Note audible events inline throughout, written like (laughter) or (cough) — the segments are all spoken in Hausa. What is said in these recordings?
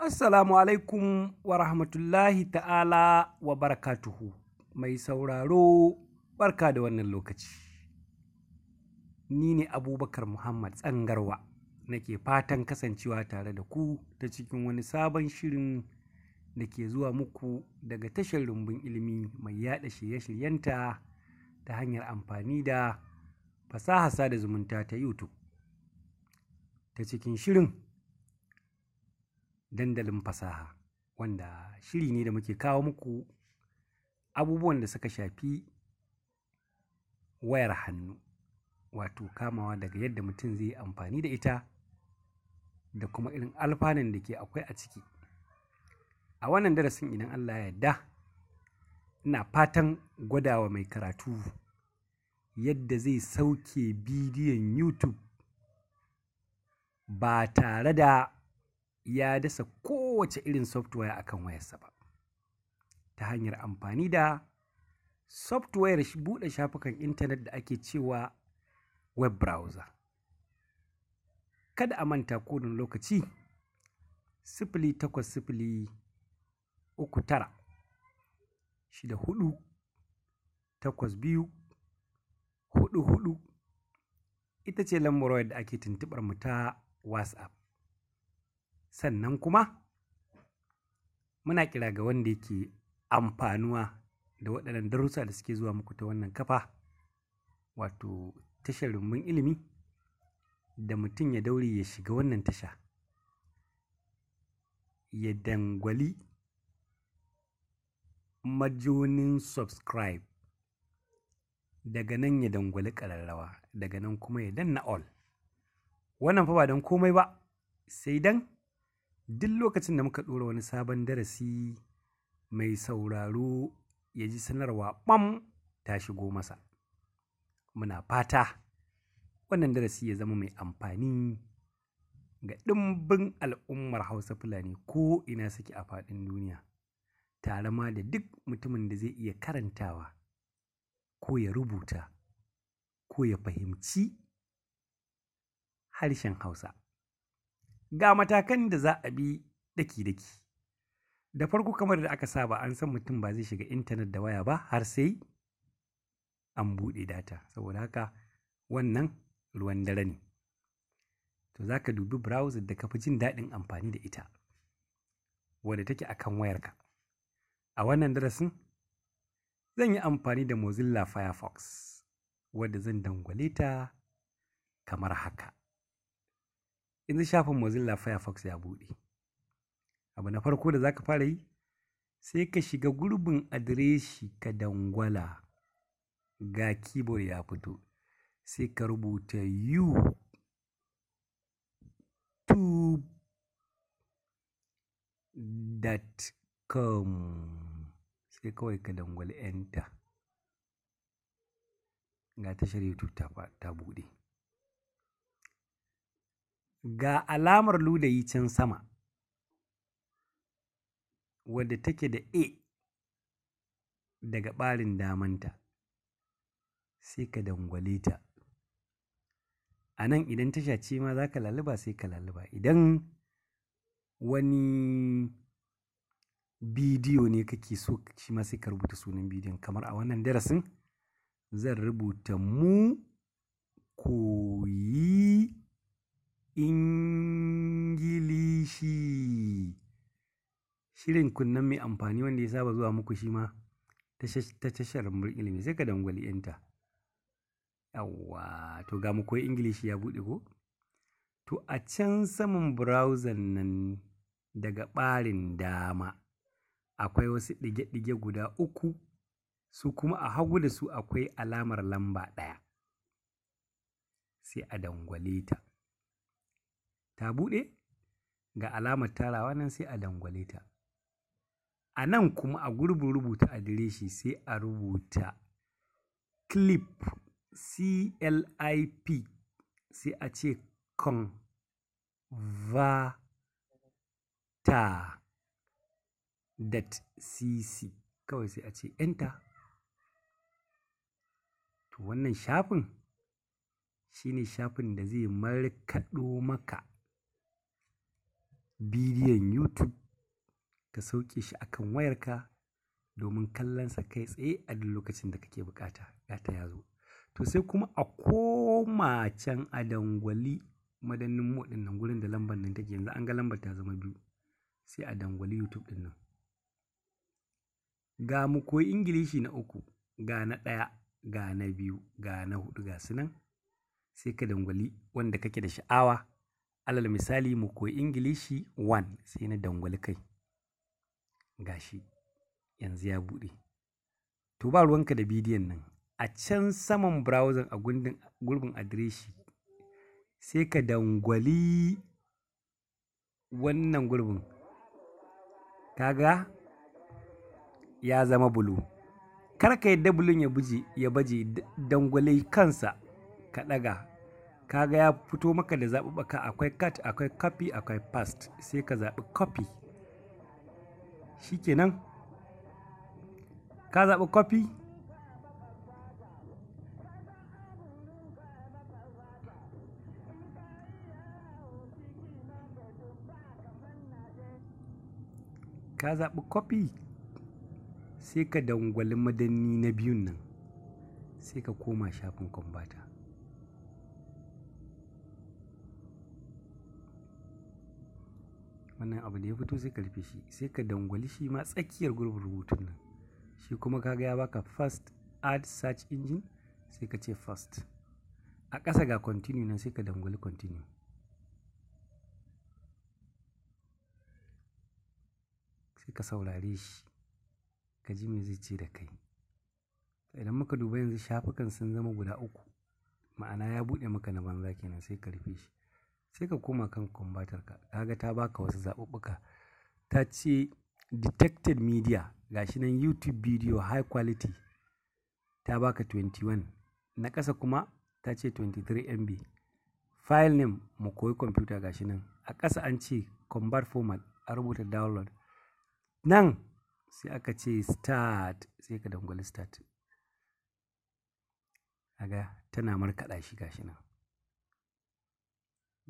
Assalamu alaikum wa rahmatullahi ta'ala wa barakatuhu mai sauraro barka da wannan lokaci. Ni ne Abubakar Muhammad Tsangarwa nake fatan kasancewa tare da ku ta cikin wani sabon shirin da ke zuwa muku daga tashar rumbun ilimi mai yaɗa shirye-shiryenta ta hanyar amfani da fasaha sada zumunta ta YouTube. Ta cikin shirin dandalin fasaha wanda shiri ne da muke kawo muku abubuwan da suka shafi wayar hannu wato kamawa daga yadda mutum zai yi amfani da ita da kuma irin alfanun da ke akwai a ciki a wannan darasin idan allah ya yarda ina fatan gwadawa mai karatu yadda zai sauke bidiyon youtube ba tare da ya dasa kowace irin software akan wayarsa ba ta hanyar amfani da software buɗe shafukan intanet da ake cewa web browser kada a manta kodin lokaci sifili takwas sifili uku tara shida hudu takwas biyu hudu hudu ita ce lambar da ake tuntubar mu ta whatsapp sannan kuma muna kira ga wanda yake amfanuwa da waɗannan darussa da suke zuwa muku ta wannan kafa wato tashar rumbun ilimi da mutum ya daure ya shiga wannan tasha ya dangwali majonin subscribe daga nan ya dangwali ƙararrawa daga nan kuma ya danna all wannan fa ba don komai ba sai dan duk lokacin da muka ɗora wani sabon darasi mai sauraro ya ji sanarwa ɓam ta shigo masa muna fata wannan darasi ya zama mai amfani ga ɗimbin al'ummar hausa fulani ko ina suke a faɗin duniya tare ma da duk mutumin da zai iya karantawa ko ya rubuta ko ya fahimci harshen hausa ga matakan da za a bi daki-daki da farko kamar da aka saba an san mutum ba zai shiga intanet da waya ba har sai an buɗe data saboda haka wannan ruwan dare ne to za ka dubi browser da ka jin daɗin amfani da ita wadda take a kan wayarka a wannan darasin zan yi amfani da mozilla firefox wadda zan dangwale ta kamar haka yanzu shafin mozilla firefox ya buɗe abu na farko da za ka fara yi sai ka shiga gurbin adireshi ka dangwala ga keyboard ya fito sai ka rubuta u com sai kawai ka dangwali enter ga tashar youtube ta buɗe ga alamar ludayi can sama wadda take da A daga ɓarin damanta sai ka dangwale ta a nan idan tasha ce ma za ka laluba sai ka laluba idan wani bidiyo ne kake so shi ma sai ka rubuta sunan bidiyon kamar a wannan darasin zan rubuta mu koyi Ingilishi. Shirin kunnen mai amfani wanda ya saba zuwa muku shi ma ta tashar Murnar Ilimi sai ka dangwali yanta Yawwa, to ga mu koyi Ingilishi ya buɗe ko? To a can saman browser nan daga ɓarin dama akwai wasu ɗige-ɗige guda uku su kuma a hagu da su akwai alamar lamba ɗaya sai a dangwale ta. ta buɗe ga alamar tarawa nan sai a dangwale ta a nan kuma a gurbin rubuta adireshi sai a rubuta clip clip sai a ce converter.cc kawai sai a ce enter to wannan shafin shine shafin da zai markaɗo maka bidiyon YouTube ka sauke shi a akan wayarka domin kallonsa kai tsaye a duk lokacin da kake bukata. Data ya zo. To sai kuma a koma can a dangwali madannin moɗin ɗinnan gurin da lambar nan take yanzu an ga lambar ta zama biyu sai a dangwali YouTube ɗinnan. Ga mu koyi Ingilishi na uku, ga na ɗaya, ga na biyu, ga na hudu, ga sunan sai ka dangwali wanda kake da sha'awa. Alal misali mu koyi Ingilishi one sai na dangwali kai. Gashi yanzu ya buɗe. To ba ruwanka da bidiyon nan. A can saman browser a gundin gurbin adireshi sai ka dangwali wannan gurbin. Kaga ya zama bulu Kar ka yi dabulun ya baje, ya kansa ka ɗaga. kaga ya fito maka da zaɓuɓɓaka akwai cut akwai copy akwai past sai ka zaɓi copy shikenan ka zaɓi copy ka zaɓi copy sai ka dangwali madanni na biyun nan sai ka koma shafin kwambata wannan abu da ya fito sai ka rufe shi sai ka dangwali shi ma tsakiyar gurbin rubutun nan shi kuma kaga ya baka first add search engine sai ka ce first a ƙasa ga continue nan sai ka dangwali continue sai ka saurare shi ka ji mai zai ce da kai idan muka duba yanzu shafukan sun zama guda uku ma'ana ya buɗe maka na banza kenan sai ka rufe shi sai ka koma kan kwambatar ka kaga ta baka wasu zaɓuɓɓuka ta ce detected media gashi nan youtube video high quality ta baka 21 na ƙasa kuma ta ce 23 mb file name mu koyi kwamfuta gashi nan a ƙasa an ce convert format a rubuta download nan sai aka ce start sai ka dangwali start aga tana markaɗa shi gashi nan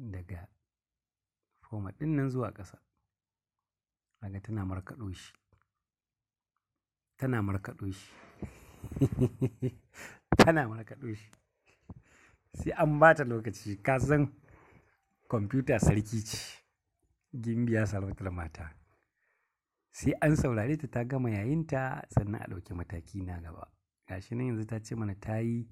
daga foma ɗin nan zuwa ƙasa kaga tana markaɗo shi tana markaɗo shi (laughs) tana markaɗo shi sai an ba ta lokaci ka san kwamfuta sarki ce gimbiya sarautar mata sai an saurare ta ta gama yayinta sannan a ɗauki mataki na gaba gashi nan yanzu ta ce mana ta yi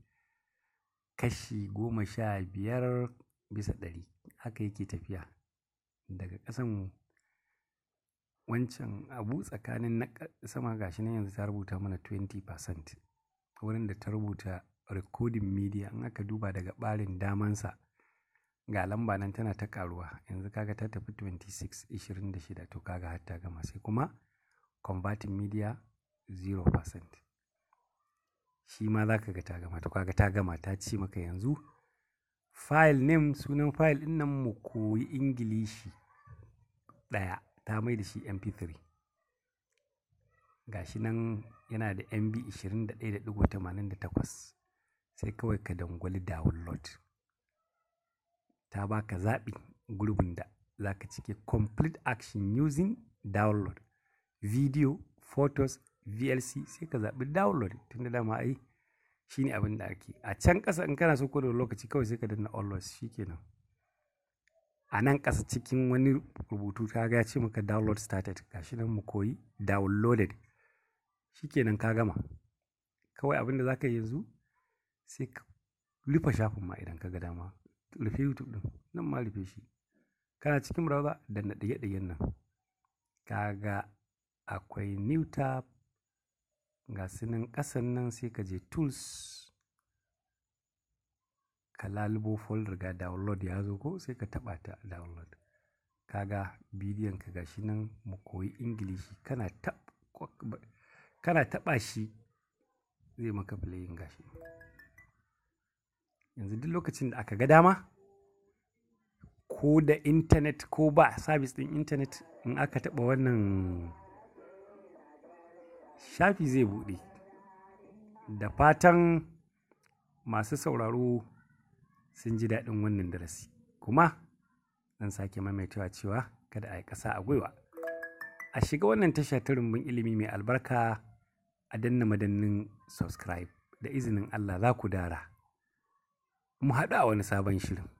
kashi goma sha biyar bisa ɗari haka yake tafiya daga ƙasan wancan abu tsakanin na sama gashi nan yanzu ta rubuta mana 20% wurin da ta rubuta recording media in aka duba daga ɓarin damansa ga lamba nan tana ta karuwa yanzu kaga ta tafi 26 26 to kaga har ta gama sai kuma converting media 0% shi ma za ka ga ta gama to kaga ta gama ta ci maka yanzu File name sunan file din nan mu koyi Ingilishi ɗaya ta mai da shi MP3. Gashi nan yana da MB 21.88 sai kawai ka dangwali download. Ta baka zaɓi gurbin da za ka cike complete action using download, video, photos, VLC sai ka zaɓi download tunda dama ai. shi ne abin da ake a can ƙasa in kana so ko da lokaci kawai sai ka danna always shi kenan a nan ƙasa cikin wani rubutu ka ga ce maka download started shi nan mu koyi downloaded shi kenan ka gama kawai abin da za ka yi yanzu sai ka rufe shafin ma idan ka ga dama rufe youtube din nan ma rufe shi kana cikin browser danna ɗaya-ɗayan nan kaga akwai new tab ga sunan ƙasan nan sai ka je tools ka lalubo folder ga download ya zo ko sai ka taɓa ta download kaga bidiyon ka ga shi nan mu koyi ingilishi kana kana taɓa shi zai maka playing gashi yanzu duk lokacin da aka ga dama ko da intanet ko ba sabis ɗin intanet in aka taɓa wannan shafi zai buɗe da fatan masu sauraro sun ji daɗin wannan darasi kuma zan sake maimaitawa cewa kada a yi ƙasa a gwiwa a shiga wannan tasha ta rumbun ilimi mai albarka a danna madannin subscribe da izinin allah za ku dara mu haɗu a wani sabon shirin